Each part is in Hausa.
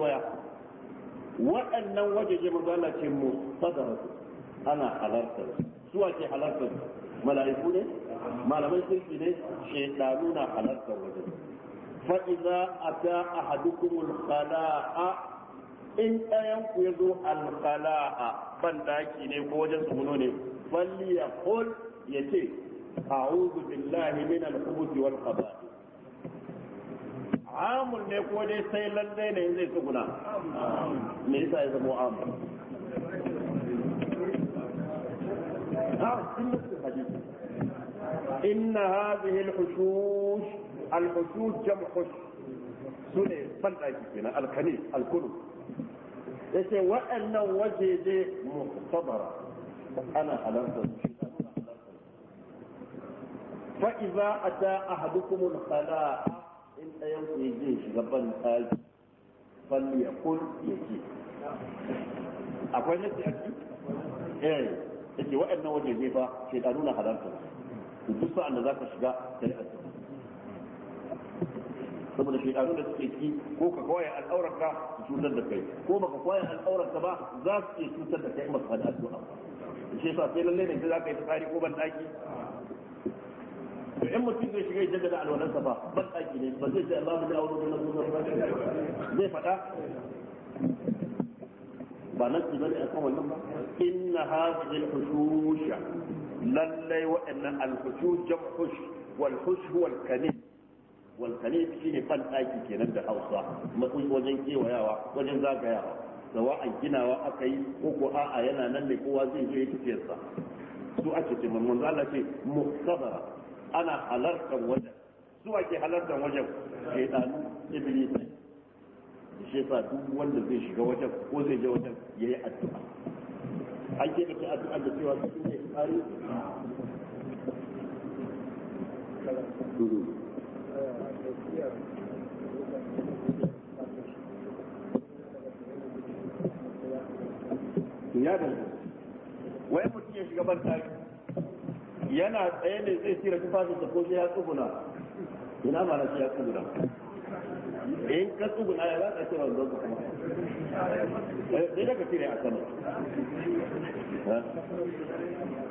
kewaya waɗannan wajeje manzo Allah ce mu su ana halarta suwa ce halarta mala'iku ne malamai sirki ne shedanu na halarta wajen a idza ata ahadukumul alkala'a in ɗayan ku ya zo alkala'a ban daki ne ko wajen tsuguno ne hol ya ce a'udhu billahi minal khubuthi wal khabath amun ne ko dai sai lalle ne zai tsuguna me yasa ya zama amun إن هذه الحشوش الحشوش جمع حش سنة فلأي الكنيس الكنوز yace waɗannan wajeje muhtabara ana halarta fa iza ata ɗayan ku ya je shiga ban tsaki falli a kun ya ce akwai nasi a ciki eh yake waɗannan waje zai fa shaidanu na halarta su? duk sa'an da ka shiga kai a ciki saboda shaidanu da suke ki, ko ka kwaye al'aurarka su cutar da kai ko baka kwaye al'aurarka ba za su iya cutar da kai masu hada addu'a shi yasa sai lallai ne sai zaka yi tsari ko ban daki in mutum zai shiga da alwalansa ba ban daki ne ba zai ce Allah ya aure da nan ba zai fada ba nan ki bane akan wannan ba inna hadhihi al-hushusha lallai wa'annan al-hushush jam'ush wal-hush huwa al-kanin wal-kanin shine ban daki kenan da Hausa wajen kewayawa wajen zagayawa zawa a ginawa aka yi ko ko a'a yana nan ne kowa zai zo ya tafiyarsa su ake ce manzo Allah ce muhtabara ana halartar wajen zuwa ke halartar wajen ke ne da shi yasa duk wanda zai shiga wajen ko zai je wajen ya yi addu'a an ke da addu'a da cewa su ne tsari ya da wai mutum ya shiga ban tarihi yana tsaye ne zai tira ko ya tsuguna ina ma ya tsuguna in tsuguna ya kuma eh, sai da ka tire a sama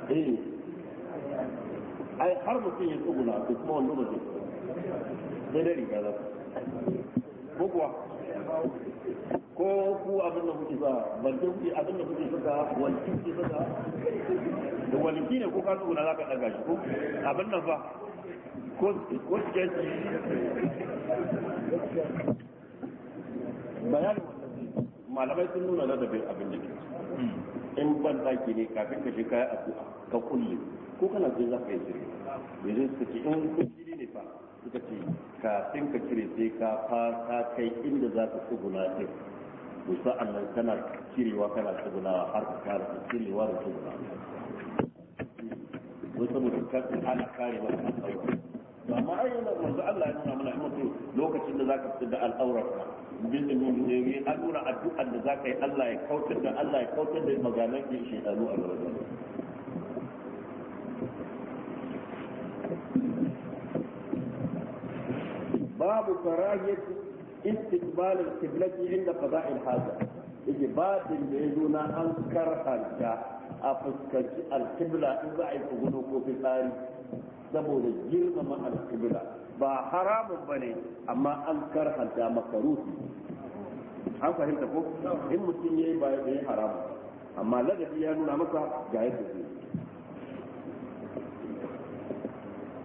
eh ai har mutum ya tsuguna ko kuma mutum sai da riga za ko kuwa ko ku abin da kuke sa ban kuke abin da kuke saka walki kuke saka da walki ne ko ka tsuguna za ka ɗaga shi ko abin nan fa ko ko ke shi bayanin malamai sun nuna da bai abin da ke in ban daki ne kafin ka shiga addu'a ka kulle ko kana zai zaka yi shirka ne zai ce in kuskiri ne fa suka ce kafin ka cire sai ka ka kai inda za ka tsuguna din to sa'an nan kana cirewa kana tsuguna har ka kare cirewa da tsuguna ko saboda ka ana kare maka al'aura to amma ai yana manzo Allah ya nuna mana mutu lokacin da za ka fitar da al'aura bin da mun yi an nuna addu'ar da za ka yi Allah ya kautar da Allah ya kautar da maganan shi shedanu a gaban باب كراهية استقبال القبلة عند قضاء الحاجة إجبار بيدونا أنكر حاجة أفسك القبلة ضعف غلوك في الآن سبب الجلم مع القبلة با حرام بني أما أنكر حاجة مكروه هم فهمت فوق هم مسيئي بايدي حرام أما لدى بيانونا مكا جايد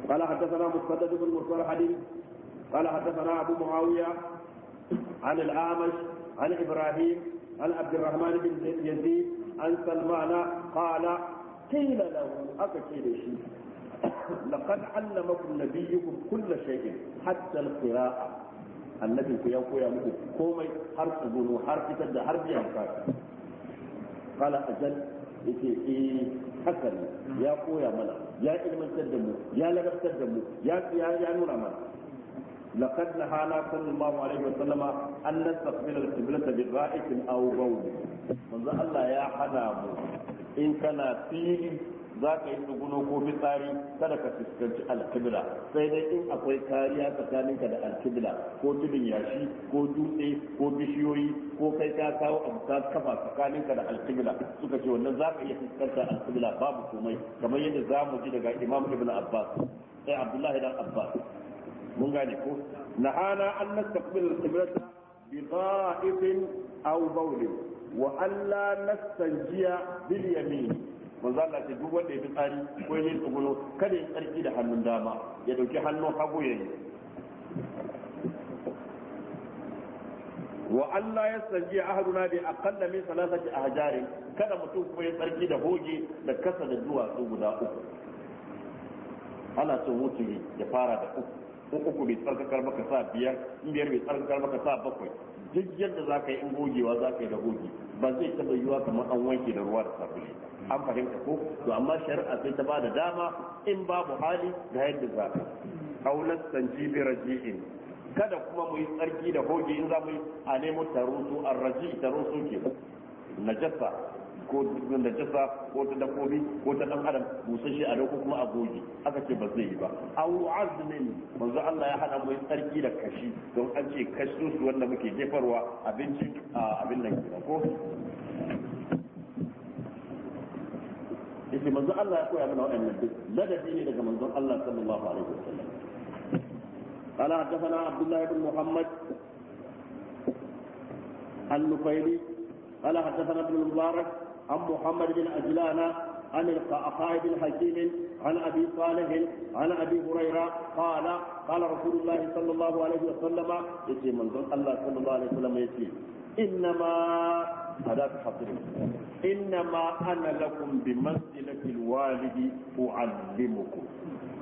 قال حدثنا مصدد بن مصدر حديث قال حدثنا ابو معاويه عن الاعمش عن ابراهيم عن عبد الرحمن بن يزيد عن سلمان قال قيل له اكثر شيء لقد علمكم نبيكم كل شيء حتى القراءه النبي في يوم قيامة كومي حرف بنو حرف تد حرف ينقاك قال أجل يتيقي حسن يا قوي يا ملا يا إلمان تدمو يا لغب تدمو يا يا يا نور أمان لقد نهانا صلى الله عليه وسلم أن نستقبل القبلة برائح أو بول manzo Allah ya hana mu in kana fili za ka yi tsuguno ko fitsari kada ka fuskanci alkibla sai dai in akwai kariya tsakaninka da alkibla ko tudun yashi ko dutse ko bishiyoyi ko kai ka kawo abu ka kafa tsakaninka da alkibla suka ce wannan za ka iya fiskanta alkibla babu komai kamar yadda za mu ji daga imam ibn abbas sai abdullahi dan abbas mun gane ko nahana an nastaqbil al-qiblata bi dha'ifin aw bawlin wa alla nastanjiya bil yamin manzo Allah ce duk wanda ya fi tsari ko ya tsugulo kada ya tsarki da hannun dama ya dauki hannun hagu ya yi wa Allah ya ahaduna bi aqalla min salasati ahjari kada mutum kuma ya tsarki da hoge da kasa da duwatsu guda uku ana son wuturi ya fara da uku Ko uku bai tsarkakar maka sa biyar in biyar bai tsarkakar maka sa bakwai duk yadda za ka yi in gogewa za ka yi da goge ba zai taba yiwa kamar an wanke da ruwa da sabulu an fahimta ko to amma shari'a sai ta ba da dama in babu hali ga yadda za ka aulas bi raji'in kada kuma mu yi tsarki da goge in za mu yi a nemo tarusu arraji tarusu ke najasa ko da jasa ko ta dabbobi ko ta dan adam busasshe a dauko kuma a goge aka ce ba zai yi ba au azmin manzo Allah ya hana mai tsarki da kashi don an ce kashi su wanda muke jefarwa abinci abin nan ko yake manzo Allah ya koya mana waɗannan duk ladabi ne daga manzon Allah sallallahu alaihi wasallam قال حدثنا عبد الله بن محمد النفيلي قال حدثنا ابن المبارك عن محمد بن عجلان عن القعقاع بن حكيم عن ابي صالح عن ابي هريره قال قال رسول الله صلى الله عليه وسلم يتي من الله صلى الله عليه وسلم يتي انما هذا تحضر انما انا لكم بمنزله الوالد اعلمكم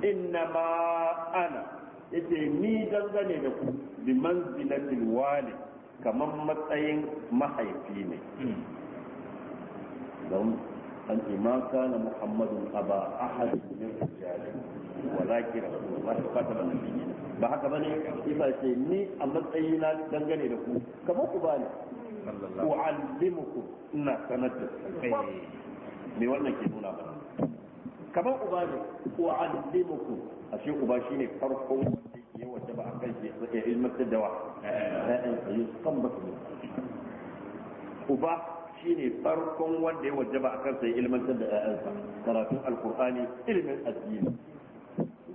انما انا yace ni dangane da ku bi manzilatil walid kamar matsayin mahaifi ne لهم أن ما كان محمد أبا أحد من ولكن رسول الله قتل النبيين ba haka bane isa ce ni a matsayina dangane da ku kamar ku bani u'allimuku ina sanar da me wannan ke nuna mana kamar uba ne shine farkon wanda ke wanda ba a da wa uba shine farkon wanda ya wajaba a kansa ya ilmantar da ƴaƴansa karatun alkur'ani ilimin addini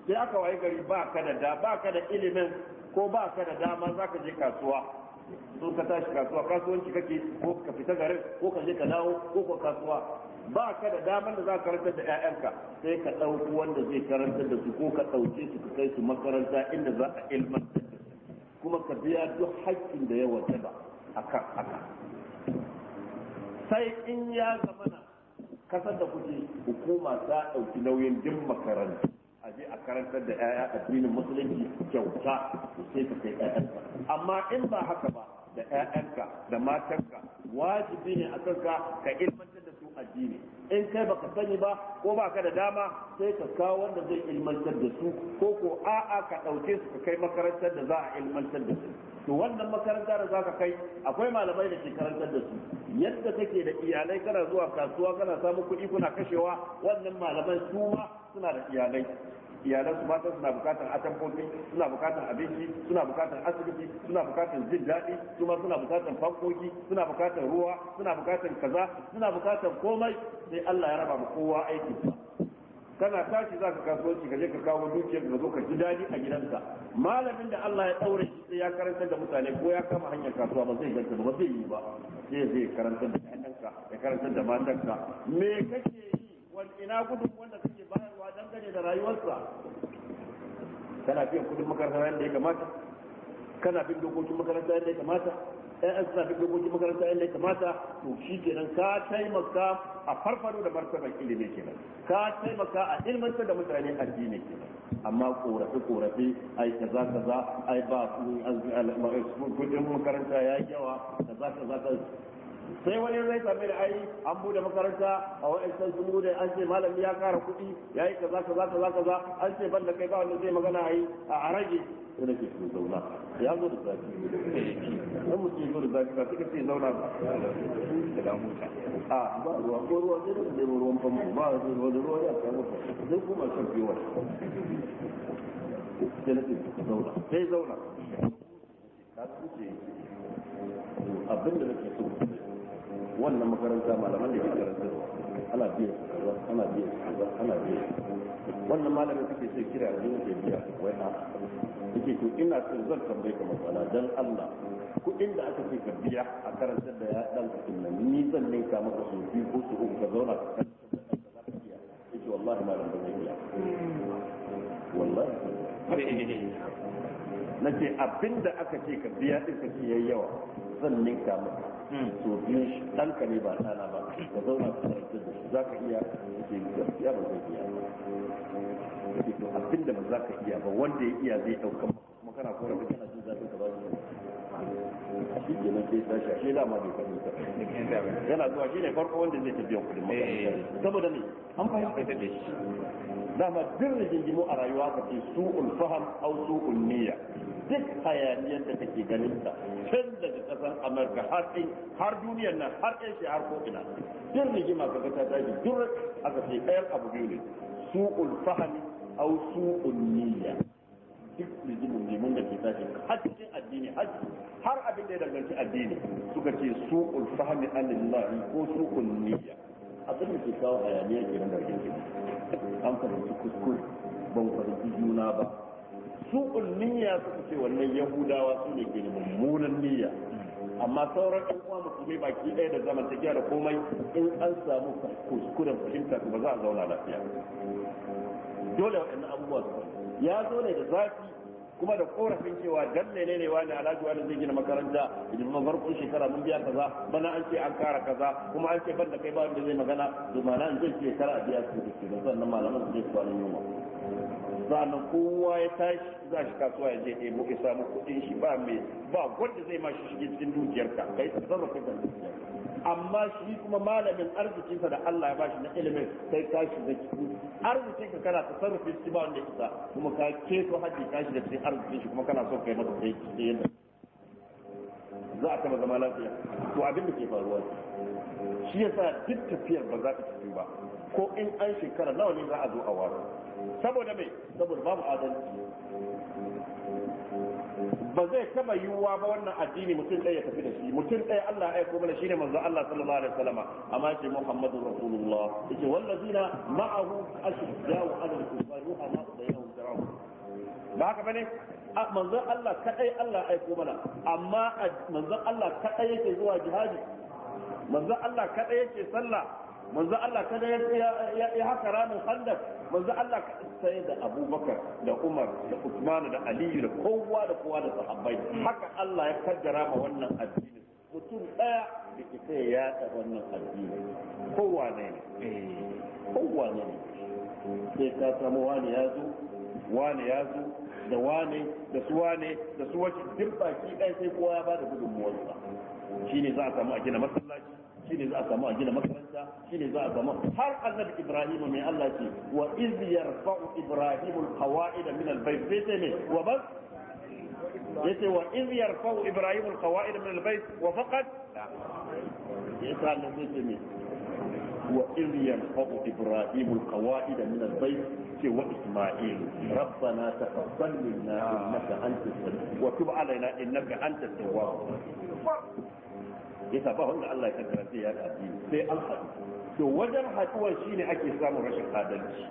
sai aka waye gari ba ka da da ba ka da ilimin ko ba ka da dama za ka je kasuwa sun ka tashi kasuwa kasuwanci kake ko ka fita garin ko ka je ka dawo ko ka kasuwa ba ka da damar da za ka karantar da ƴaƴanka sai ka ɗauki wanda zai karantar da su ko ka ɗauke su ka kai su makaranta inda za a ilmantar da kuma ka biya duk haƙƙin da ya wajaba akan haka sai in ya zamana kasar da kuke hukuma ta ɗauki nauyin duk makaranta a je a karantar da 'ya'ya addinin musulunci kyauta sai ka kai 'ya'yanka amma in ba haka ba da 'ya'yanka da matanka wajibi ne a kanka ka ilmantar da su addini in kai baka sani ba ko baka da dama sai ka kawo wanda zai ilmantar da su ko ko a'a ka ɗauke su ka kai makarantar da za a ilmantar da su to wannan makaranta da zaka kai akwai malamai da ke karantar da su yadda kake da iyalai kana zuwa kasuwa kana samun kuɗi kuna kashewa wannan malamai su ma suna da iyalai iyalan su mata suna bukatar atamfofi suna bukatar abinci suna bukatar asibiti suna bukatar jin daɗi ma suna bukatar fankoki suna bukatar ruwa suna bukatar kaza suna bukatar komai sai Allah ya raba mu kowa aikin kana tashi za ka kasuwanci ka je ka kawo dukiyar ka zo ka ji daɗi a gidanka malamin da Allah ya ɗaure shi sai ya karanta da mutane ko ya kama hanyar kasuwa ba zai ganta ba zai yi ba sai zai karanta da ɗanka ya karanta da matanka me kake yi wani ina gudun wanda kake bayarwa dangane da rayuwarsa kana biyan kuɗin makarantar yadda ya kamata kana bin dokokin makarantar yadda ya kamata ɗan suna duk dokokin makaranta yadda ya kamata to shi kenan ka taimaka a farfado da martaban ilimi kenan ka taimaka a ilmantar da mutane addini kenan amma korafe korafe ai kaza kaza ai ba kudin makaranta ya yi yawa kaza kaza sai wani zai same da ai an bude makaranta a wani wa'ancan sun bude an ce malami ya kara kuɗi ya yi kaza kaza kaza kaza an ce ban da kai ba wanda zai magana a yi a rage sai da ke su zauna ya zo da zafi dan mutum zo da zafi ba suka ce zauna ba a ba ruwa ko ruwa zai da zai ruwan famfo ba ruwa da ruwa ya samu zai kuma shan biyuwa sai da su zauna sai zauna abin da nake so wannan makaranta malaman da ke karantarwa ana biyan su kaza ana biyan su kaza ana biyan su wannan malamin suke sai kira yanzu ke biya wai a suke to ina so zan tambaye ka matsala dan Allah kuɗin da aka ce ka biya a karantar da ya dan ka ni zan ninka maka su biyu ko su uku ka zauna ka karantar da ɗan ka biya yake wallahi malam ba zai biya wallahi na ce abinda aka ce ka biya ɗin ka ce yayi yawa zan ninka maka to biyu shi ɗanka ne ba sana ba ka zauna ka sarki da za ka iya ke gaskiya ba zai iya to abinda ba za ka iya ba wanda ya iya zai ɗaukan kuma kana kora kana jin zafi ka ba shi shi ke nan sai tashi shi dama bai sani ta yana zuwa shi ne farko wanda zai tafiya kudin makarantar saboda ne an fahimta da shi dama duk rigingimu a rayuwa ka ce su'ul faham au su'ul niyya duk hayaniyar da take ganin ta tun daga kasar amurka har har duniyar nan har yanshi har ko ina duk rigima ka ga ta tashi duk aka ce ɗayan abu biyu ne su'ul faham au su'ul niyya duk rigimin limun da ke tashi har cikin addini har abin da ya danganci addini suka ce su'ul fahmi anillahi ko su'ul niyya abin da ke kawo hayaniya ke nan da ke, an fahimci kuskure ban fahimci juna ba su'ul niyya suka ce wannan yahudawa su ne ke mummunan niyya amma sauran ɗan uwa musulmi baki ɗaya da zaman tafiya da komai in an samu kuskuren fahimta ba za a zauna lafiya dole waɗannan abubuwa su ya zo ne da zafi kuma da korafin cewa dan ne wani alhaji wani zai gina makaranta idan ma farkon shekara mun biya kaza bana an ce an kara kaza kuma an ce ban kai ba wanda zai magana domin an zai ce kara a biya su da sannan malaman su zai wani yunwa sannan kowa ya tashi za shi kasuwa ya je ɗebo ya samu kuɗin shi ba mai ba wanda zai ma shi cikin dukiyarka kai sarrafa kan dukiyarka amma shi kuma malamin arzikinsa da Allah ya bashi na ilimin sai ka da ciki arzikin ka kana tasarrufi shi ba wanda isa kuma ka keto haji ka da sai arzikin shi kuma kana so kai masa sai ki yadda za a taba zama lafiya to abin da ke faruwa shi yasa duk tafiyar ba za ta tafi ba ko in an shekara nawa ne za a zo a waro saboda me saboda babu adalci ba zai taba yiwuwa ba wannan addini mutum ɗaya ya tafi da shi mutum ɗaya Allah ya aiko mana shine manzo Allah sallallahu alaihi wasallam amma ce Muhammadu Rasulullah yake wallazina ma'ahu ashidda'u 'ala al-kuffar ruhama bainahum tarahum ba haka bane manzon Allah kadai Allah ya aiko mana amma manzon Allah kadai yake zuwa jihadi manzon Allah kadai yake sallah manzo Allah kada ya haka ranar khandaq manzo Allah ka sai da Abubakar da Umar da Uthman da Ali da kowa da kowa da sahabbai haka Allah ya kaddara ma wannan addini mutum daya da ke ya ta wannan addini kowa ne kowa ne sai ka samu wani ya zo wani ya zo da wani da su wani da su wace duk baki ɗaya sai kowa ya ba da gudunmuwarsa shine za a samu a gina masallaci shine za a samu a gina makaranta shine za a samu har annabi ibrahim mai Allah ce wa iz yarfa'u ibrahim alqawaid min albayt sai ne wa bas yace wa iz yarfa'u ibrahim alqawaid min albayt wa faqat yasa annabi ce ne وإذ يرفع إبراهيم القواعد من البيت وإسماعيل ربنا تقبل منا إنك أنت السميع وتب علينا إنك أنت التواب yasa ba wanda Allah ya kaddara sai ya dace sai an haɗu to wajen haɗuwar shine ake samun rashin adalci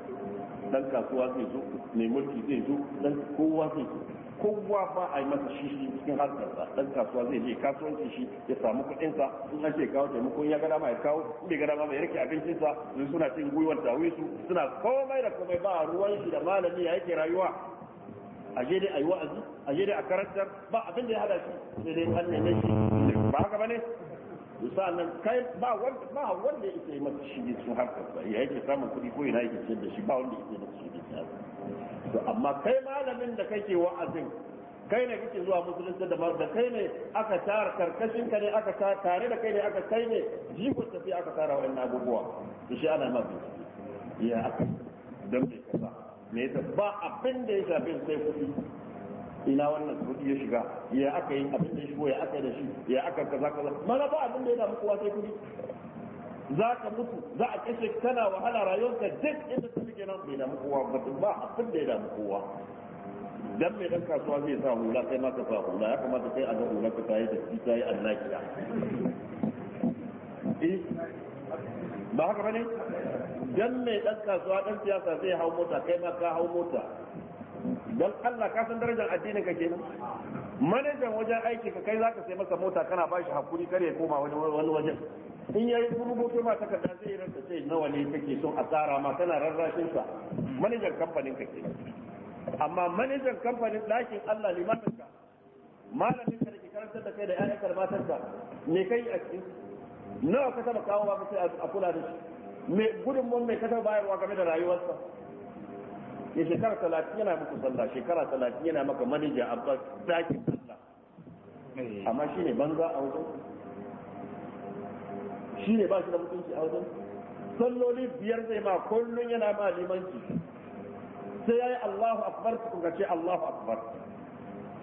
dan kasuwa zai zo mai mulki zai zo dan kowa zai zo kowa ba a yi masa shi cikin harkarsa dan kasuwa zai je kasuwanci shi ya samu kuɗin sa in an ce kawo taimako ya ga dama ya kawo in bai ga dama bai rike abincin sa su suna cin gwiwar tawisu suna komai da komai ba ruwan shi da malami ya yake rayuwa a je dai a yi wa'azi a je dai a karantar ba abin da ya hada shi sai dai an neme shi ba haka bane misalan kai ba wanda ba wanda yake yi masa shi su harka sa ya yake samun kuɗi ko ina yake ciyar da shi ba wanda yake yi masa shi to amma kai malamin da kake wa'azin kai ne kake zuwa musulunci da da kai ne aka tara karkashin ka ne aka tara tare da kai ne aka kai ne jiko tafi aka tara wa'annan abubuwa to shi ana ma bincike ya aka dan bai kasa me yasa ba abin da ya shafi su sai kuɗi ina wannan kuɗi ya shiga ya aka yi abin da ya shigo ya aka yi da shi ya aka kaza kaza mana ba abin da ya damu kowa sai kuɗi za ka mutu za a kashe kana wahala rayuwarka duk inda ta suke nan bai damu kowa ba ba abin da ya damu kowa dan mai dan kasuwa zai sa hula kai ma ka sa hula ya kamata kai a ga hula ka tayi da ta yi annakiya eh ba haka bane dan mai dan kasuwa dan siyasa zai hau mota kai ma ka hau mota dan Allah ka san darajar addinin ka kenan manajan wajen aiki ka kai zaka sai masa mota kana ba shi hakuri kar ya koma wani wani wajen in yayi rubutu ma takarda zai ranta sai nawa ne kake son a tsara ma kana rarrashin sa manajan kamfanin ka kenan amma manajan kamfanin ɗakin Allah limamin ka malamin ka da ke karantar da kai da ƴaƴan karbatar ka me kai a cikin nawa ka taba kawo ba sai a kula da shi me gudunmuwan mai kasar bayarwa game da rayuwarsa ya shekara talatin yana muku sallah shekara talatin yana maka manija a dakin sallah amma shi ne banza a wajen shi ne ba shi da mutunci a wajen salloli biyar zai ma kullum yana ma limanci sai ya yi Allahu akbar tukun ga ce Allahu akbar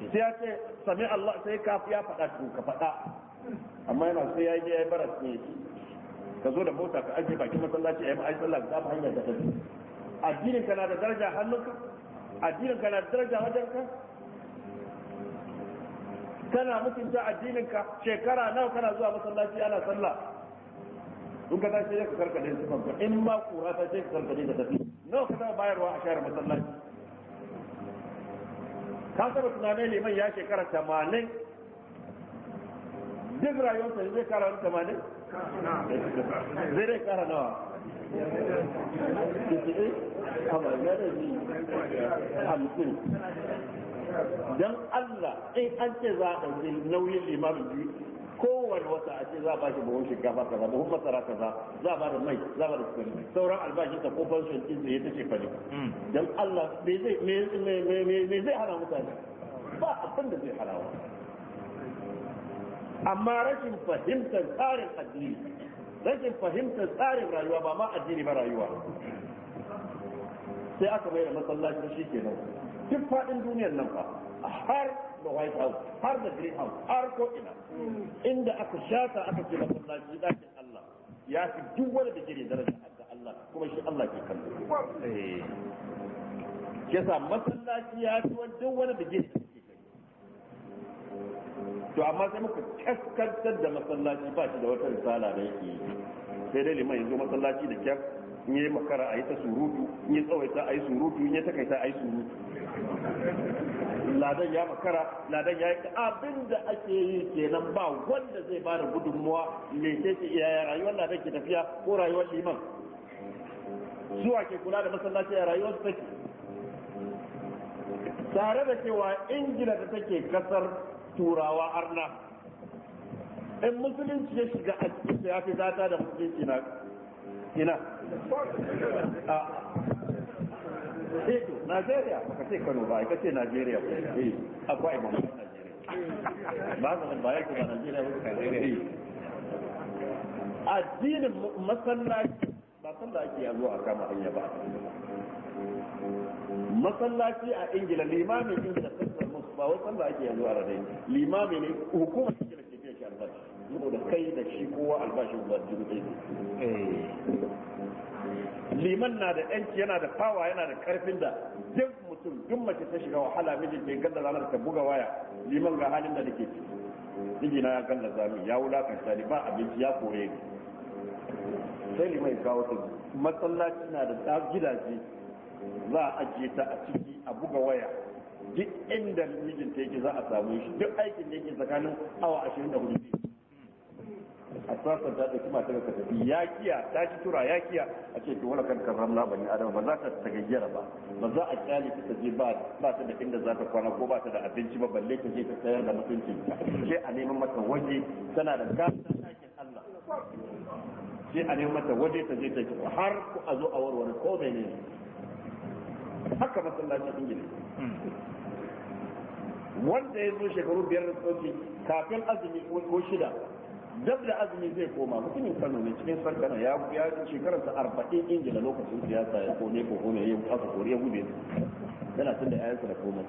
sai ya ce sami Allah sai ka ya faɗa tukun ka faɗa amma yana sai ya yi ya yi ne ka zo da mota ka ajiye bakin masallaci a yi ma'ai sallah ka hanyar da tafi addinin ka na da daraja hannunka addinin ka na da daraja wajenka kana mutunta addinin ka shekara nawa kana zuwa masallaci ana sallah in ka tashi ka karkade su ka in ma kura ta ce ka karkade da tafi nawa ka taɓa bayarwa a share masallaci ka saba tunanin liman ya shekara tamanin duk rayuwarsa zai kara wani tamanin zai dai kara nawa hamsin don Allah in an ce za a ɗauki nauyin limar biyu kowane wata a ce za a bashi buhun shinkafa kaza buhun masara kaza za a bada mai za a bada sukari sauran albashin ta ko fanshin din hmm. zai ta tace fari don Allah me zai hana mutane ba abin da zai hana wa amma rashin fahimtar tsarin addini rashin fahimtar tsarin rayuwa ba ma addini ba rayuwa sai aka mai da masallaci shi ke nan duk faɗin duniyar nan fa har da white house har da green house har ko ina inda aka shata aka ce masallaci ɗakin allah ya fi duk wani da gire daraja ga allah kuma shi allah ke kallo yasa masallaci ya fi duk wani da gire to amma sai muka kaskantar da masallaci ba shi da wata risala da yake yi sai dai liman yanzu masallaci da kyar in yi makara a yi ta surutu in yi tsawaita a yi surutu in yi takaita a yi surutu ladan ya makara ladan ya yi abin da ake yi kenan ba wanda zai ba da gudunmuwa leke ce yaya rayuwar ladan ke tafiya ko rayuwar liman zuwa ke kula da masallaci a rayuwar take tare da cewa ingila da take kasar turawa arna in musulunci ya shiga a cikin ya fi zata da musulunci na ina a Eto, Najeriya, ka ce Kano ba, ka ce Najeriya, eh, akwai mamman Najeriya. Ba ka ba yake ba Najeriya ba ka Najeriya. Addinin masallaci ba san da ake yazo a kama hanya ba. Masallaci a Ingila limamin Ingila ba wai sallah ake yanzu a radai limami ne hukuma cikin da ke biyan shi albashi saboda kai da shi kowa albashin ba jirgin ne eh. liman na da yanki yana da fawa yana da karfin da duk mutum duk mace ta shiga wahala mijin bai ganda ranar ta buga waya liman ga halin da nake ciki mijina ya ganda zami ya wulakanta ni ba abinci ya kore ni sai liman ya kawo ta masallaci na da gidaje za a ajiye ta a ciki a buga waya duk inda mijinta yake za a samu shi duk aikin da yake tsakanin awa ashirin da hudu a tsarsan ta ɗauki mata ka tafi ya kiya ta ci tura ya kiya a ce ki wala kan karam na bani adam ba za ta tagayyara ba ba za a kyale ta ta je ba ta da inda za ta kwana ko ba ta da abinci ba balle ta je ta tsayar da mutuncin ta sai a neman mata waje tana da gasar ɗakin Allah sai a neman mata waje ta je ta ci har a zo a warware ko ne haka masallacin ingila wanda ya zo shekaru biyar da tsoki kafin azumi ko shida dab da azumi zai koma mutumin kano ne cikin sarkana ya ya shekarar sa arba'in ingila lokacin siyasa ya kone ko kone ya aka kore ya gube yana tun da ayansa da komai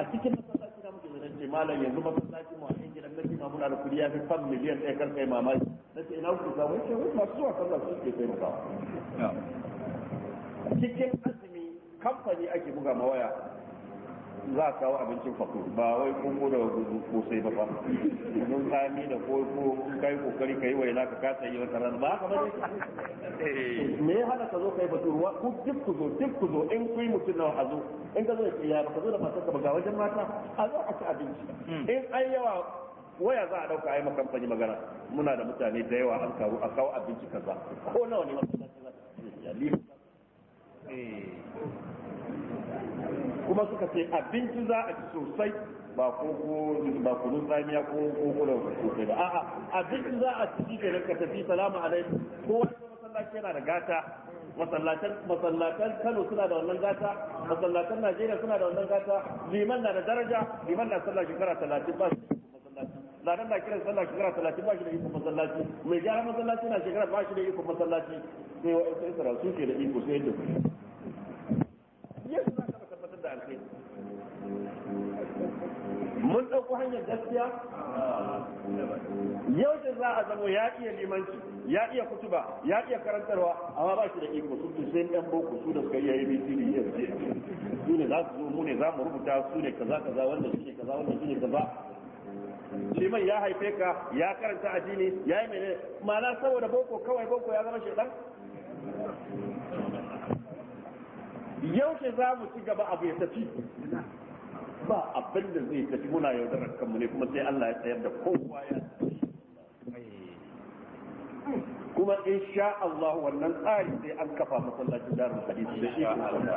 a cikin masallaci na mutum zan ce malam yanzu masallaci mu a gidan na kima muna da kudi ya fi fan miliyan ɗaya kar kai mamaki na ce ina kuka samu ya ce wai masu zuwa sallah su ke taimakawa cikin azumi kamfani ake buga mawaya za a kawo abincin fakur ba wai kungu da kosai ba ba mun sami da ko ko kai kokari kai wai na ka kasa yi wata ran ba ka ba eh. me ya hana ka zo kai fatur wa ku duk ku zo duk ku zo in kuyi mutum na a zo in ka zo da kiyaya ba ka zo da matar ka ba ga wajen mata a zo a ci abinci hmm. in an yawa waya za a dauka yi makamfani magana muna da mutane da yawa an kawo a kawo abinci kaza ko nawa ne masallaci za ta ci kuma suka ce abinci za a ci sosai ba ko ba kunu tsamiya ko ko ko da ko da a'a abinci za a ci da ka tafi salamu alaikum wani masallaci yana da gata masallatan masallatan Kano suna da wannan gata masallatan Najeriya suna da wannan gata liman na da daraja liman na sallah shekara 30 ba Zanen na kiran sallah shekara talatin ba shi da ikon masallaci mai gyara masallaci na shekara ba shi da ikon masallaci sai wa'ansu Isra'il ke da iko sai da yau da za a zamo ya iya limanci ya iya kutuba ya iya karantarwa amma ba shi da iko su su sai ɗan boko su da suka iya yi bisiri ya ce su ne za su zo mu ne za mu rubuta su ne kaza kaza wanda shi ne kaza wanda shi ne kaza liman ya haife ka ya karanta addini ya yi mene ma'ana saboda boko kawai boko ya zama shedan yau ce za mu ci gaba abu ya tafi ba abin da zai tafi muna yaudarar kanmu ne kuma sai Allah ya tsayar da kowa ya kuma in sha Allah wannan tsari sai an kafa masallacin darul hadisi da ikon Allah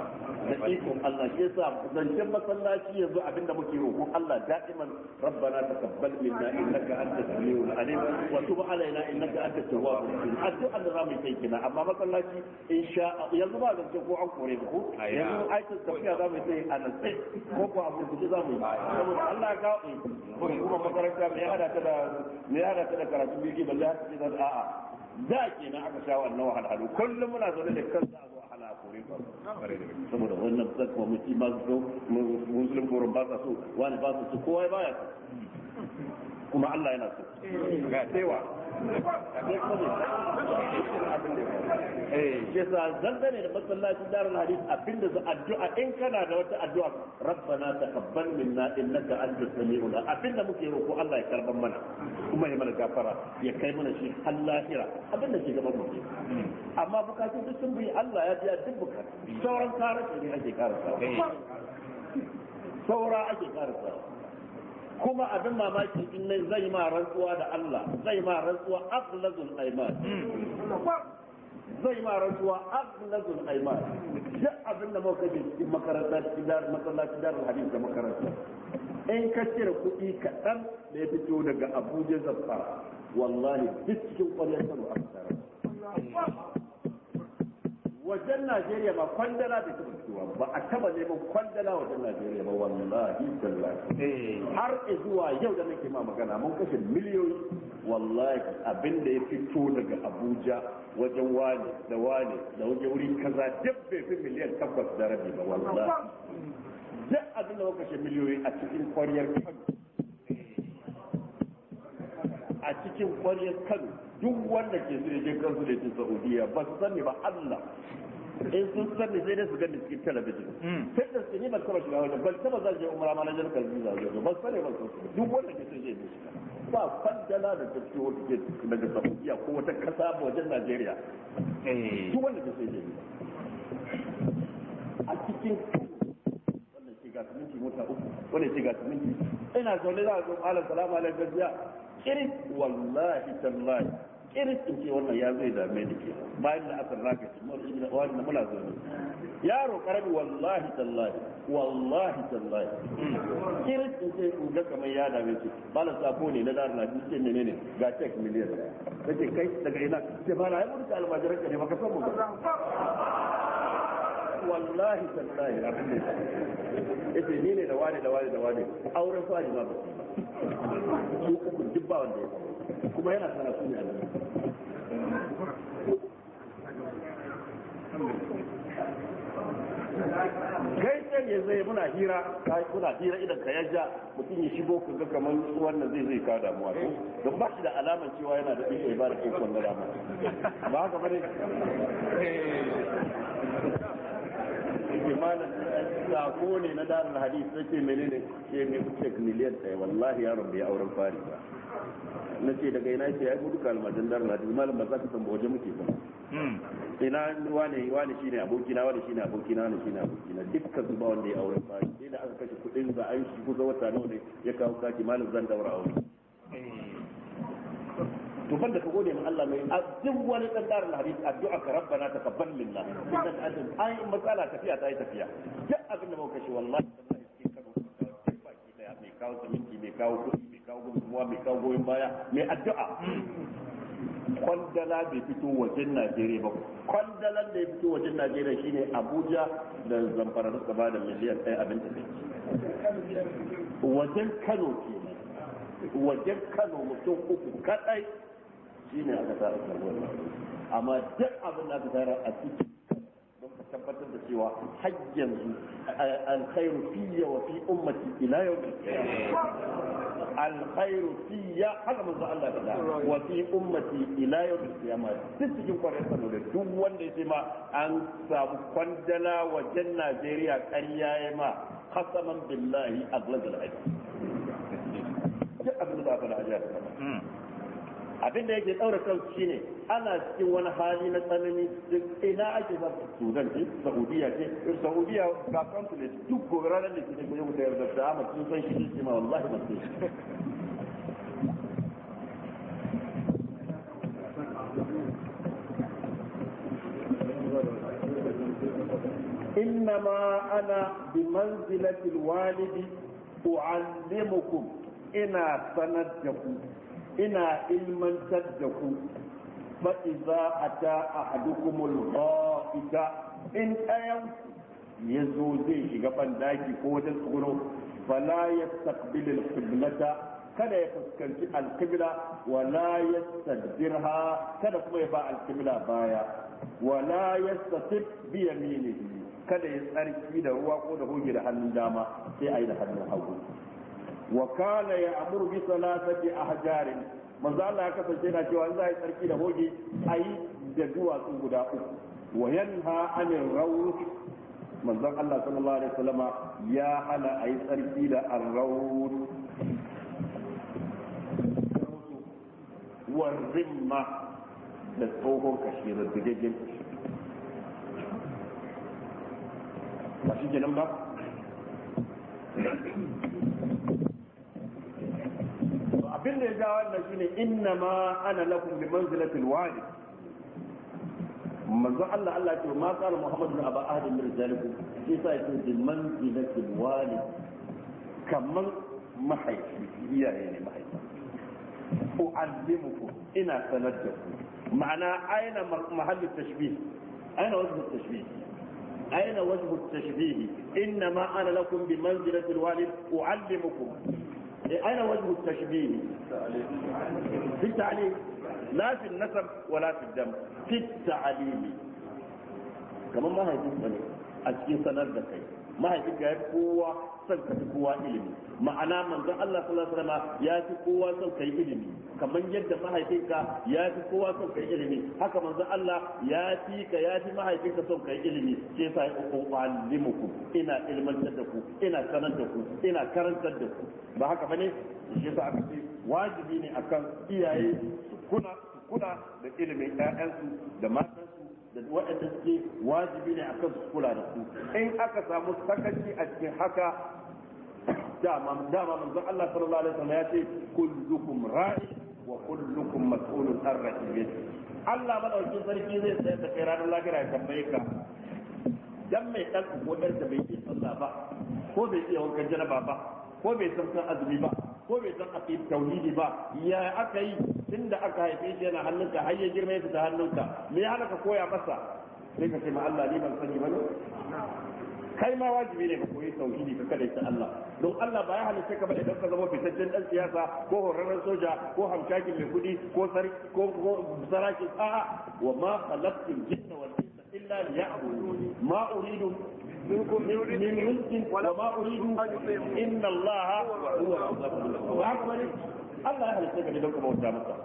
da ikon Allah ke sa zancen masallaci yanzu abinda muke roƙon Allah da'iman rabbana taqabbal minna innaka antas samiul alim wa tub alaina innaka antat tawwabur rahim addu'a da zamu kai kina amma masallaci in sha yanzu ba zance ko an kore ku yanzu aikin tafiya zamu yi a nan sai ko ko abu da zamu yi saboda Allah ka kawo eh, kuma makaranta me hada ta da me ya hada ta da karatu biki balle har a'a da na aka sha wannan wahalhalu kullum muna zaune da kan za a zo wahala a kore ba saboda wannan zakwa kuma mutum ba su so musulun goron ba su so wani ba su so kowa ya so kuma Allah yana so ga cewa ke eh, sa da masallacin daren hadis abinda za addu'a in kana da wata addu'a rabbana taqabbal minna innaka antas samiul abinda muke roko Allah ya karban mana kuma ya mana gafara ya kai mana shi har lahira ke mu amma duk sun bi Allah ya biya duk sauran ne ake karasa eh. saura ake karasa kuma abin mamaki in ne zai ma rantsuwa da Allah zai ma rantsuwa aghlazul aiman zai ma rantsuwa aghlazul aiman duk abin da muka ji cikin makaranta cikin masallaci dar hadisi da makaranta in ka cire kuɗi kaɗan da ya fito daga Abuja zafara wallahi duk cikin kwallon sanu a wajen Najeriya ba kwandala da ta fitowa ba a taba neman kwandala wajen Najeriya ba wallahi tallahi eh. har zuwa yau da nake ma magana mun kashe miliyoyi wallahi abin da ya fito daga Abuja wajen wani da wani da wajen wuri kaza duk bai fi miliyan takwas da rabi ba wallahi duk abin da kashe miliyoyi a cikin kwaryar kan a cikin kwaryar duk wanda ke zai je kansu da ke Saudiya ba su sani ba Allah in sun sani sai dai su gani cikin talabijin sai da su ni ban taba shiga wajen ban taba zan je umra ma na jan kalbi za zo ban sani ban so duk wanda ke so je ba fandala da tafi wata ke daga Saudiya ko wata kasa wajen Najeriya duk wanda ke so je a cikin wannan shiga minti mota uku wannan shiga minti ina zaune za a zo malam salamu alaikum gaskiya kirin wallahi tallahi irin in ce wannan ya zai dame da ke bayan da aka raka shi wani da muna zaune yaro karabi wallahi tallahi wallahi tallahi irin in ce in ga kamar ya dame shi malam sako ne na dara na ne menene ga cek miliyan kace kai daga ina ce ba na yi mutu almajiran ka ne baka san mu ba wallahi tallahi abin da ce ni ne da wani da wani da wani auren fadi ma ba su uku duk ba wanda ya kuma yana sana su ne a gaisen ya zai muna hira kuna hira idan ka yajja mutum ya shigo ka ga kamar wannan zai zai ka damuwa to don ba shi da alaman cewa yana da iko ya ba da ikon na dama ba ka bane eh. ce malam sako ne na darul hadis sai ce menene ce ne cek miliyan ɗaya wallahi yaron bai auren fari ba na ce daga ina ce ya gudu kalmatin darul hadis malam ba za ka san waje muke ba hmm. ina wane wane shine abokina wane shine abokina wane shine abokina dukkan su ba wanda ya auren fari sai da aka kashe kuɗin za a yi shi kusa wata nawa ne ya kawo kaki malam zan daura aure eh. to banda ka gode ma Allah mai duk wani dan darin hadisi addu'a ka rabbana taqabbal lillah idan ajin ai matsala tafiya ta yi tafiya duk abin da muka shi wallahi sai ka addu'a kwandala bai fito wajen Najeriya ba kwandalan da ya fito wajen Najeriya shine Abuja da Zamfara da suka bada miliyan ɗaya abin da wajen Kano ke wajen Kano mutum uku kadai shi ne aka tara sarwar amma duk abin da aka tara a cikin don ka tabbatar da cewa har yanzu alkhairu fiyya wa fi ummati ila yau alkhairu fiyya haka manzo Allah ya faɗa wa fi ummati ila yau kiyama duk cikin kwarin sanu da duk wanda ya ma an samu kwandala wajen Najeriya ƙarya ya ma qasaman billahi aghlab al duk abin da ba faɗa a abin da yake daura sauki shine ana cikin wani hali na tsanani duk ina ake za su sudan ce saudiya ce saudiya ga consulate duk gobe da ke da gobe da yarda da amma sun san shi shi ma wallahi ba su إنما أنا بمنزلة الوالد أعلمكم إنا سندكم ina ilmantar da ku a iza ata ahadukumul ita in ɗayan ya zo zai shiga bandaki ko wajen tsoro fala yastaqbilul qiblata kada ya fuskanci alkibla wala yastadbirha kada kuma ya ba alkibla baya wala yastatif bi yaminihi kada ya tsarki da ruwa ko da hoge da hannun dama sai a yi da hannun hagu wa kana ya amuru bi salatati ahjarin manzo Allah ya kasance na cewa in za yi sarki da hoge Ai da duwatsu guda uku wa yanha anil rawr manzo Allah sallallahu alaihi wasallama ya hana ayi sarki da arrawr wa rimma da tsohon kashi da digaggen kashi ba shi kenan ba da ya ja wannan shine inna ma ana lakum bi manzilatil walid manzo Allah Allah ce ma qala Muhammadu bin Aba Ahad min zalikum shi sa yake bi manzilatil walid kaman mahaifi iyaye ne mahaifi ko u'allimukum ina sanar da ku ma'ana aina mahallu tashbih aina wajhu tashbih aina أين وجه التشبيه ana lakum bi بمنزلة الوالد u'allimukum أين وجه التشبيه في التعليم لا في النسب ولا في الدم في التعليم كمان ما هيجوز بني أتكين سنر دكي mahaifinka ya fi kowa son ka fi kowa ilimi ma'ana manzon Allah sallallahu alaihi wasallam ya fi kowa son kai ilimi kamar yadda mahaifinka ya fi kowa son kai ilimi haka manzon Allah ya fi ka ya fi mahaifinka son kai ilimi sai ku alimuku ina ilmantar da ku ina sanar da ku ina karantar da ku ba haka bane shi yasa aka ce wajibi ne akan iyaye su kuna su da ilimin ƴaƴansu da matan da waɗanda suke wajibi ne a kansu kula da su in aka samu sakaci a cikin haka dama dama manzon Allah sallallahu alaihi wasallam ya ce kullukum ra'i wa kullukum mas'ulun an ra'iyyah Allah madaukin sarki zai tsaya da kai ranar lahira ya tambaye ka dan mai dan ko da bai yi sallah ba ko bai iya wankan janaba ba ko bai san azumi ba ko bai san yi tauhidi ba ya aka yi da aka haife shi yana hannunka har ya girma ya fita hannunka me ya halaka koya masa sai ka ce ma Allah ni ban sani bane kai ma wajibi ne ka koyi tauhidi ka kada Allah don Allah ba ya halitta ka ba idan ka zama fitaccen dan siyasa ko horarren soja ko hamshakin mai kudi ko sar ko sarakin a'a wa ma khalaqtul jinna wal insa illa liya'budun ma uridu منكم من ملك وما أريد إن الله هو الرزاق Allah ya halitta ne don ka bauta masa.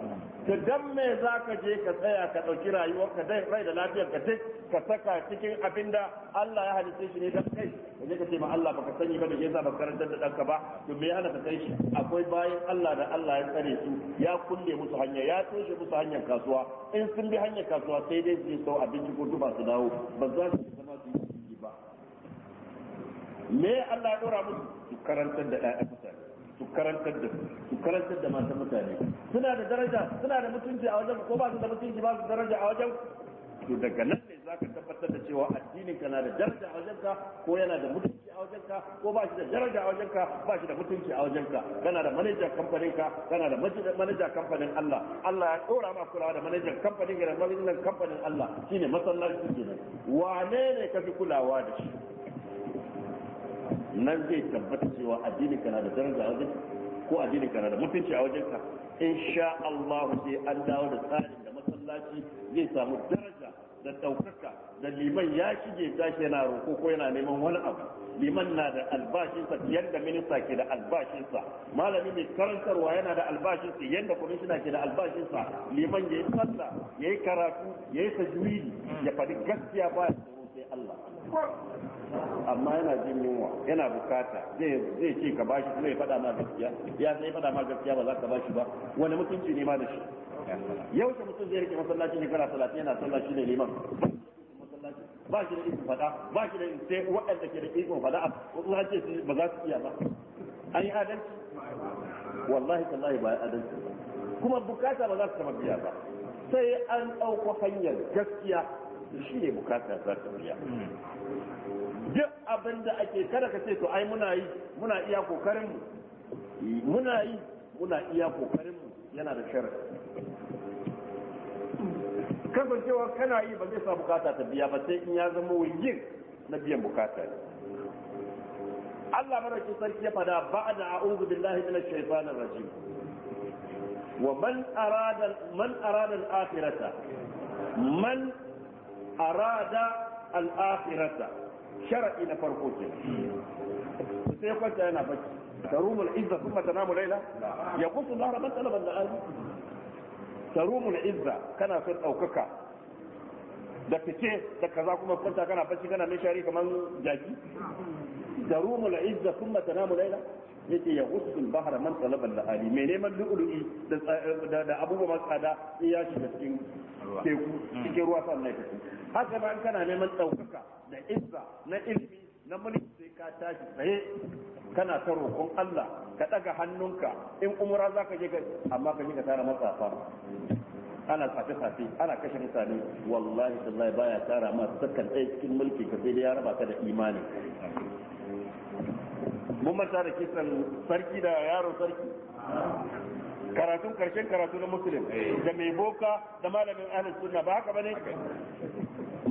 Da dan me za ka je ka tsaya ka ɗauki rayuwar ka dai rai da lafiyar ka dai ka saka cikin abinda Allah ya halitta shi ne don kai. Ka je ka ce ma Allah baka sani ba da sa ba ka da ɗanka ba to me hana ka kai shi akwai bayan Allah da Allah ya tsare su ya kulle musu hanya ya toshe musu hanyar kasuwa in sun bi hanyar kasuwa sai dai su yi sau abinci ko duba su dawo ba za su me Allah ya dora musu su karantar da ɗaya mutane su karantar da su karantar da masu mutane suna da daraja suna da mutunci a wajen ko ba su da mutunci ba su daraja a wajen to daga nan ne zaka tabbatar da cewa addinin ka na da daraja a wajenka ko yana da mutunci a wajenka ko ba shi da daraja a wajenka ba shi da mutunci a wajenka kana da manajan kamfanin ka kana da manajan kamfanin Allah Allah ya dora ma kulawa da manajan kamfanin ga da manajan kamfanin Allah shine masallaci kenan wane ne ka fi kulawa da shi nan zai tabbata cewa addinin kana da daraja a wajen ko addinin kana da mutunci a wajen ka sha Allah sai an dawo da tsarin da masallaci zai samu daraja da ɗaukaka da liman ya shige zaki yana roƙo ko yana neman wani abu liman na da albashinsa yadda minista ke da albashinsa malami mai karantarwa yana da albashinsa yadda kwamishina ke da albashinsa liman ya yi sallah ya yi karatu ya yi ya faɗi gaskiya ba Allah amma yana jin yunwa yana bukata zai zai ce ka bashi kuma ya fada ma gaskiya ya sai fada ma gaskiya ba za ka bashi ba wani mutunci ne ma da shi yau shi mutum zai rike masallaci ne shekara salati yana sallah ne liman ba shi da ikon fada ba shi da sai waɗanda ke da ikon fada wasu za ce ba za su iya ba an yi adalci wallahi tallahi ba adalci kuma bukata ba za su taba biya ba sai an ɗauko hanyar gaskiya shi ne bukata za ta biya duk abin da ake kada ka ce to ai muna yi muna iya kokarin mu muna yi muna iya kokarin mu yana da sharadi kasancewa kana yi ba zai sa bukata ta biya ba sai in ya zama wajen na biyan bukata ne Allah madaukin sarki ya fada ba'da a'udhu billahi minash shaitanir rajim wa man arada man arada al-akhirata man arada al-akhirata shar'i na farko ke sai kwanta yana baki tarumul izza kuma namu laila ya kusu lara ban talaban da ali tarumul izza kana son daukaka da fice da kaza kuma kwanta kana baki kana mai shari kamar jaki tarumul izza kuma namu laila yake ya husun bahar man talaba al-ali mai neman lu'lu'i da da abubuwa masu tsada ya shiga cikin teku hmm. cikin ruwa sannan ya haka ba kana neman ɗaukaka da izza na ilimi na mulki sai ka tashi tsaye kana ta roƙon Allah ka ɗaga hannunka in umura za ka je ka amma ka je ka tara matsafa ana safe safe ana kashe mutane wallahi tallahi baya tara ma sakan ɗaya cikin mulki ka sai ya raba ka da imani mun manta da kisan sarki da yaro sarki karatun karshen karatu na musulun da mai boka da malamin ahlus suna ba haka bane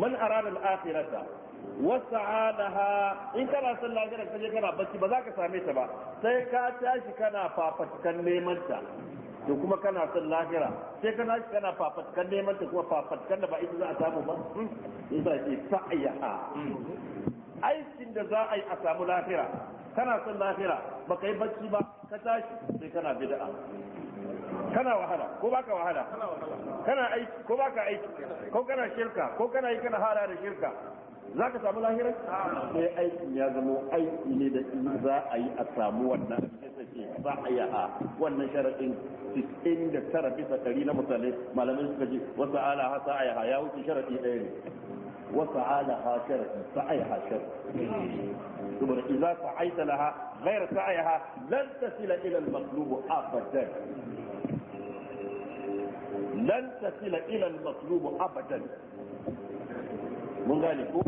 man arada al-akhirata wasa'alaha in kana son lafiyar ka je kana bacci ba za ka same ta ba sai ka tashi kana fafatkan neman ta to kuma kana son lahira sai kana shi kana fafatkan neman ta kuma fafatkan da ba ita za a samu ba in ba hmm. ki sa'ayaha aikin da za a yi a samu lahira kana son lahira baka yi bacci ba ka tashi sai kana bid'a kana wahala ko baka wahala kana aiki ko baka aiki ko kana shirka ko kana yi kana hara da shirka za ka samu lahirar sai aikin ya zama aiki ne da in za a yi a samu wannan sake za a yi a wannan sharaɗin cikin da tara bisa ɗari na mutane malamin suka ji wasu ala ha sa a yi ya wuce sharaɗi ɗaya ne wasu ala ha sharaɗi sa a yi ha sharaɗi saboda idza sa'aita laha ghayra ha, lan tasila ila al-maqlub abadan lan tasila ila al-maqlub abadan mun gane ko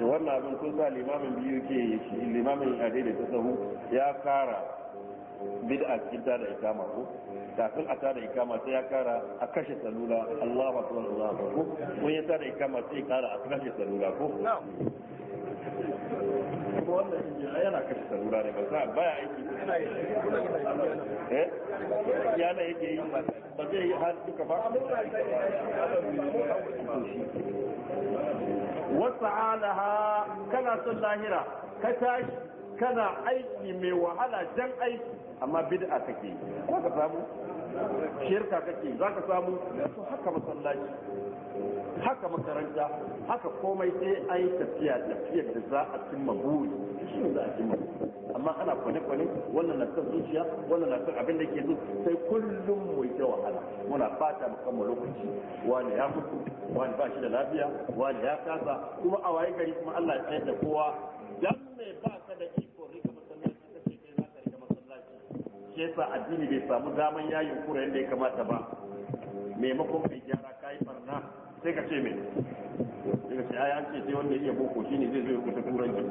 to wannan abin kun sa limamin biyu ke limamin a daidaita sahu ya kara bid'a cikin ta da ikama ko da a ta da ikama sai ya kara a kashe salula Allahu akbar Allahu akbar ko mun ya ta da ikama sai kara a kashe salula ko yana kashe ne ba aiki yi kana son lahira ka tashi kana aiki mai wahala jan aiki amma bid'a kake za ka samu shirka kake za ka samu to haka masallaci haka makaranta haka komai sai a yi tafiya tafiyar da za a cimma buri shi za a cimma amma ana kwane-kwane wannan na kan zuciya wannan na kan abin da ke zo sai kullum mu yi ta wahala muna fata mu kama lokaci wani ya mutu wani ba shi da lafiya wani ya kasa kuma a waye gari kuma Allah ya tsaye da kowa dan me ba ka da iko ga masallaci kace kai za ka rika masallaci shi yasa addini bai samu daman yayin kura yadda ya kamata ba maimakon mai gyara kai barna sai ka ce mai, sai ka ce ayan an ce sai wanda iya boko ne zai zo ya kusa turanci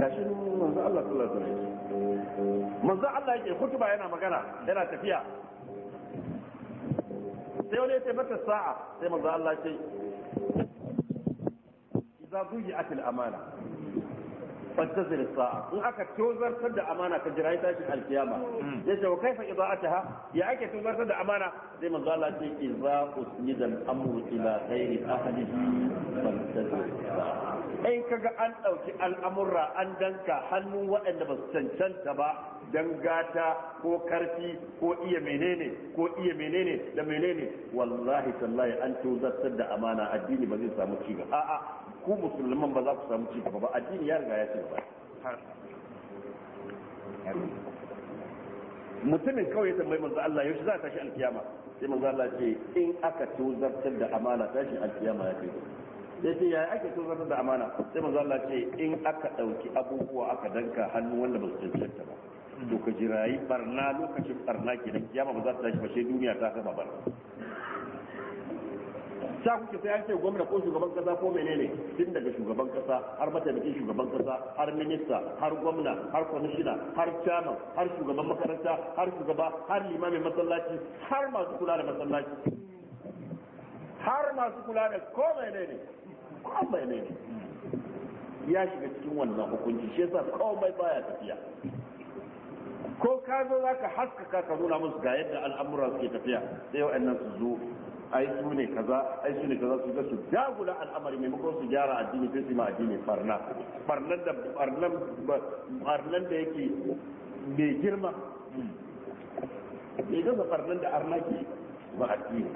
gashi manzo Allah sallallahu alaihi wasallam manzo Allah yake kutuba yana magana yana tafiya sai wani ya ce mata sa'a sai manzo Allah ce idza duyi atil amana fantazir sa'a in aka tozartar da amana ka jira tashi alkiyama mm. yace wa kaifa idaataha ya ake tozartar da amana sai manzo Allah ce idza usnida amru ila ghairi ahlihi fantazir sa'a in kaga an dauki al'amurra an danka hannun waɗanda ba su cancanta ba dangata ko karfi ko iya menene ko iya menene da menene wallahi tallahi an tozartar da amana addini ba zai samu ci a'a ku musulman ba za ku samu ci gaba ba addini ya riga ya ci gaba mutumin kawai ya tambayi manzo Allah yaushe za ta tashi alkiyama sai manzo Allah ce in aka tozartar da amana tashi alkiyama ya kai sai ce yaya ake tozartar da amana sai manzo Allah ce in aka dauki abubuwa aka danka hannu wanda ba su cancanta ba to ka jirayi barna lokacin barna kenan kiyama ba za ta tashi ba sai duniya ta gama barna sha kuke sai an ce gwamna ko shugaban kasa ko menene tun daga shugaban kasa har mataimakin shugaban kasa har minista har gwamna har kwamishina har chairman har shugaban makaranta har shugaba har limamin masallaci har masu kula da masallaci har masu kula da ko menene ko menene ya shiga cikin wannan hukunci shi yasa komai baya tafiya ko ka zo za ka haskaka ka nuna musu ga yadda al'amuran suke tafiya sai wa'annan su zo ai su ne kaza ai su ne kaza su ga su dagula al'amari maimakon su gyara addini sai su ma addini farna farnan da farnan farnan da yake mai girma bai gasa farnan da arna ke ba addini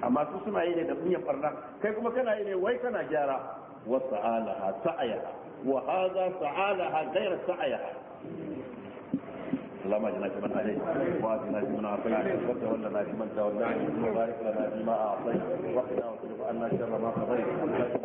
amma su suna yi ne da niyyar farna kai kuma kana yi ne wai kana gyara wa sa'alaha sa'aya wa hadha sa'alaha ghayra sa'aya اللهم اجعلنا في من هديت واتنا في من عافيت وتولنا في من توليت وبارك لنا فيما اعطيت وقنا واصرف عنا شر ما قضيت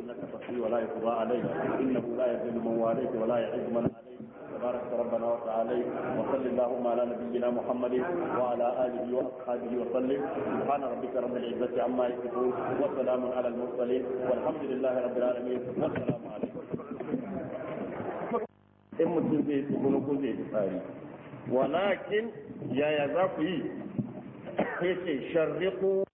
انك تقضي ولا يقضى عليك انه لا يذل من واليت ولا يعز من عليك تبارك ربنا وتعالى وصل اللهم على نبينا محمد وعلى اله واصحابه وسلم سبحان ربك رب العزه عما يصفون وسلام على المرسلين والحمد لله رب العالمين والسلام عليكم in mutum zai tsuguno ko zai walakin yaya za ku yi yace sharriqu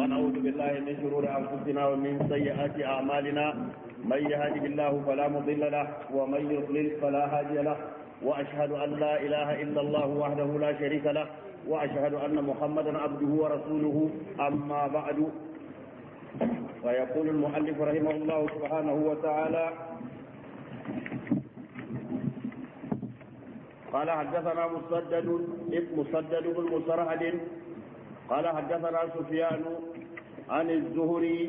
ونعوذ بالله من شرور انفسنا ومن سيئات اعمالنا من يهده الله فلا مضل له ومن يضلل فلا هادي له واشهد ان لا اله الا الله وحده لا شريك له واشهد ان محمدا عبده ورسوله اما بعد ويقول المؤلف رحمه الله سبحانه وتعالى قال حدثنا مسدد مسدد بن مسرهد قال حدثنا سفيان عن الزهري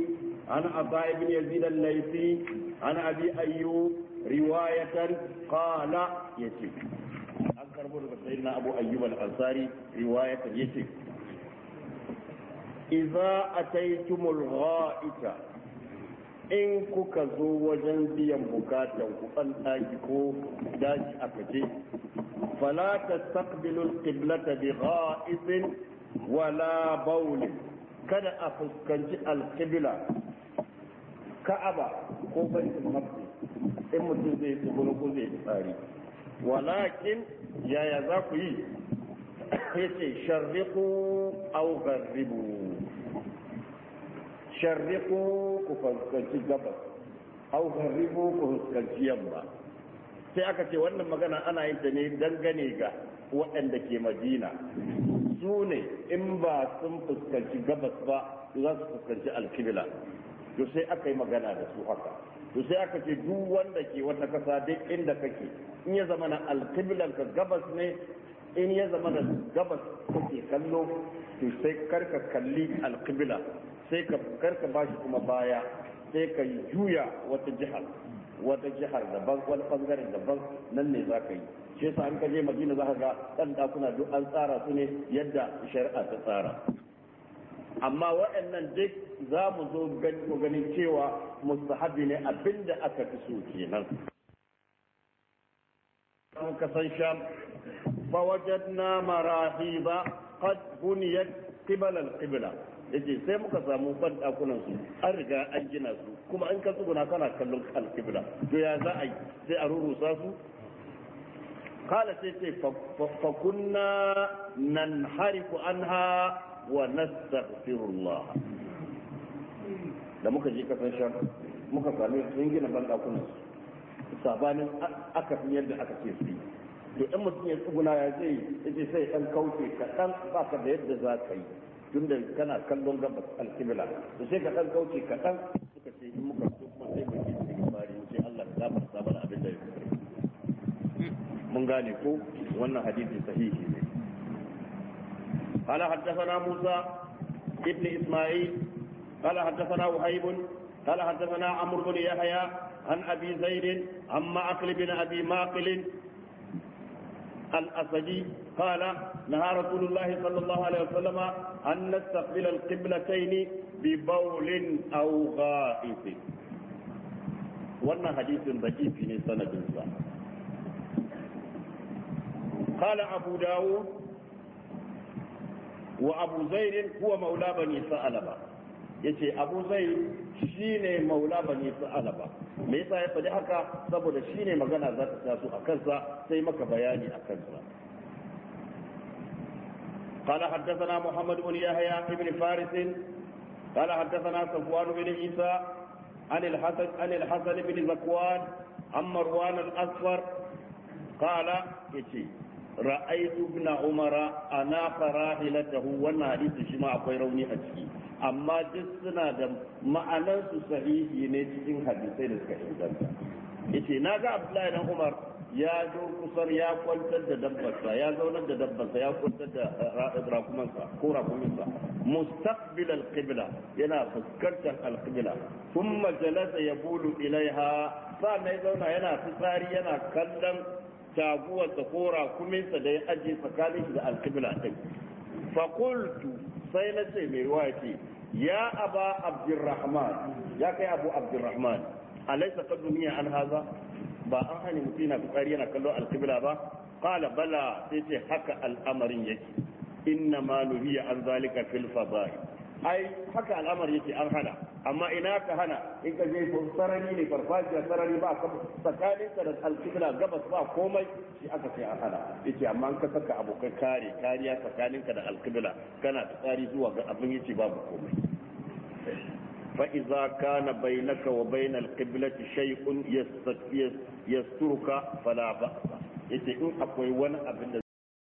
عن عطاء بن يزيد الليثي عن ابي ايوب روايه قال يتيم أكثر من سيدنا أبو أيوب الأنصاري رواية يتيم iza ataitumul gha'ita in kuka zo wajen biyan bukatan ku an daki ko daji a je fala tastaqbilul qiblata bi ghaibin wala bawl kada a fuskanci alqibla ka'aba ko baitul maqdis in mutum zai tsibiri ko zai tsari walakin yaya za ku yi yace sharriqu aw gharribu sharriqu ku fuskanci gabas aw gharribu ku fuskanci yamma sai aka ce wannan magana ana yin ta ne dangane ga waɗanda ke madina su ne in ba sun fuskanci gabas ba za su fuskanci alkibila to sai aka yi magana da su haka to sai aka ce duk wanda ke wata kasa duk inda kake in ya zama na alkiblan ka gabas ne in ya zama da gabas kake kallo to sai karka kalli alqibla sai ka karka bashi kuma baya sai ka juya wata jihar wata jihar daban wani bangaren daban nan ne za ka yi shi yasa an kaje madina za ka ga ɗan ɗakuna duk an tsara su ne yadda shari'a ta tsara amma waɗannan duk za mu zo ganin cewa mustahabi ne abinda aka fi so kenan. kasan sham فوجدنا مراحيب قد بنيت قبل القبلة yake sai muka samu ban dakunan su an riga an gina su kuma an ka tsuguna kana kallon alqibla to ya za a yi sai a rurusa su kala sai sai fa kunna nanharifu anha wa nastaghfirullah da muka je kasan shan muka sami sun gina ban dakunan su sabanin aka fi yadda aka ce su yi da ɗan mutum ya tsuguna ya zai yi sai dan kauce kaɗan baka da yadda za ka yi tun da kana kallon gabas alkimila da sai ka dan kauce kaɗan suka ce in muka so kuma sai mai yi istighfari mu ce Allah ka gafarta sabon abin da ya kuskure mun gane ko wannan hadisi sahihi ne قال حدثنا موسى ابن اسماعيل قال حدثنا وهيب قال حدثنا عمرو بن يحيى عن ابي زيد عن معقل بن ابي ماقل الأسدي قال نهى رسول الله صلى الله عليه وسلم أن نستقبل القبلتين ببول أو غائط وأن حديث ضعيف في سند قال أبو داود وأبو زيد هو مولى بني ثعلبة يتي abu زيد shine مولى بني sa'alaba me yasa ya faɗi haka saboda shi ne magana za ta taso a kansa sai maka bayani a kansa قال حدثنا محمد بن يحيى بن فارس قال حدثنا صفوان بن عيسى عن الحسن عن الحسن بن زكوان عن مروان الاصفر قال يتي رايت ابن عمر أناق راحلته والحديث شما اكو روني أجي amma duk suna da ma'anarsu sahihi ne cikin hadisai da suka inganta yace na ga abdullahi dan umar ya zo kusar ya kwantar da dabbarsa ya zaunar da dabbarsa ya kwantar da eh, rakumansa ko rakuminsa mustaqbil alqibla yana fuskantar alqibla thumma jalasa yabulu ilaiha mai zauna yana fitsari yana kallon taguwarsa ko rakuminsa da ya aje tsakanin shi da alqibla din fa qultu sai na ce mai ruwa ce ya aba abdurrahman ya kai abu abdurrahman alaisa ka duniya an haza ba an hani mutum yana fitsari yana kallon alkibla ba kala bala sai ce haka al'amarin yake inna ma nuhiya an zalika fil fadail ai haka al'amari yake an hana amma ina ka hana in ka je sarari ne farfajiya sarari ba ka tsakanin ka da alƙibla gabas ba komai shi aka ce an hana yake amma an ka saka abokai kare kariya tsakanin ka da alƙibla kana da tsari zuwa ga abin yake babu komai fa idza kana bainaka wa bainal qiblati shay'un yasturuka fala ba yake in akwai wani abin da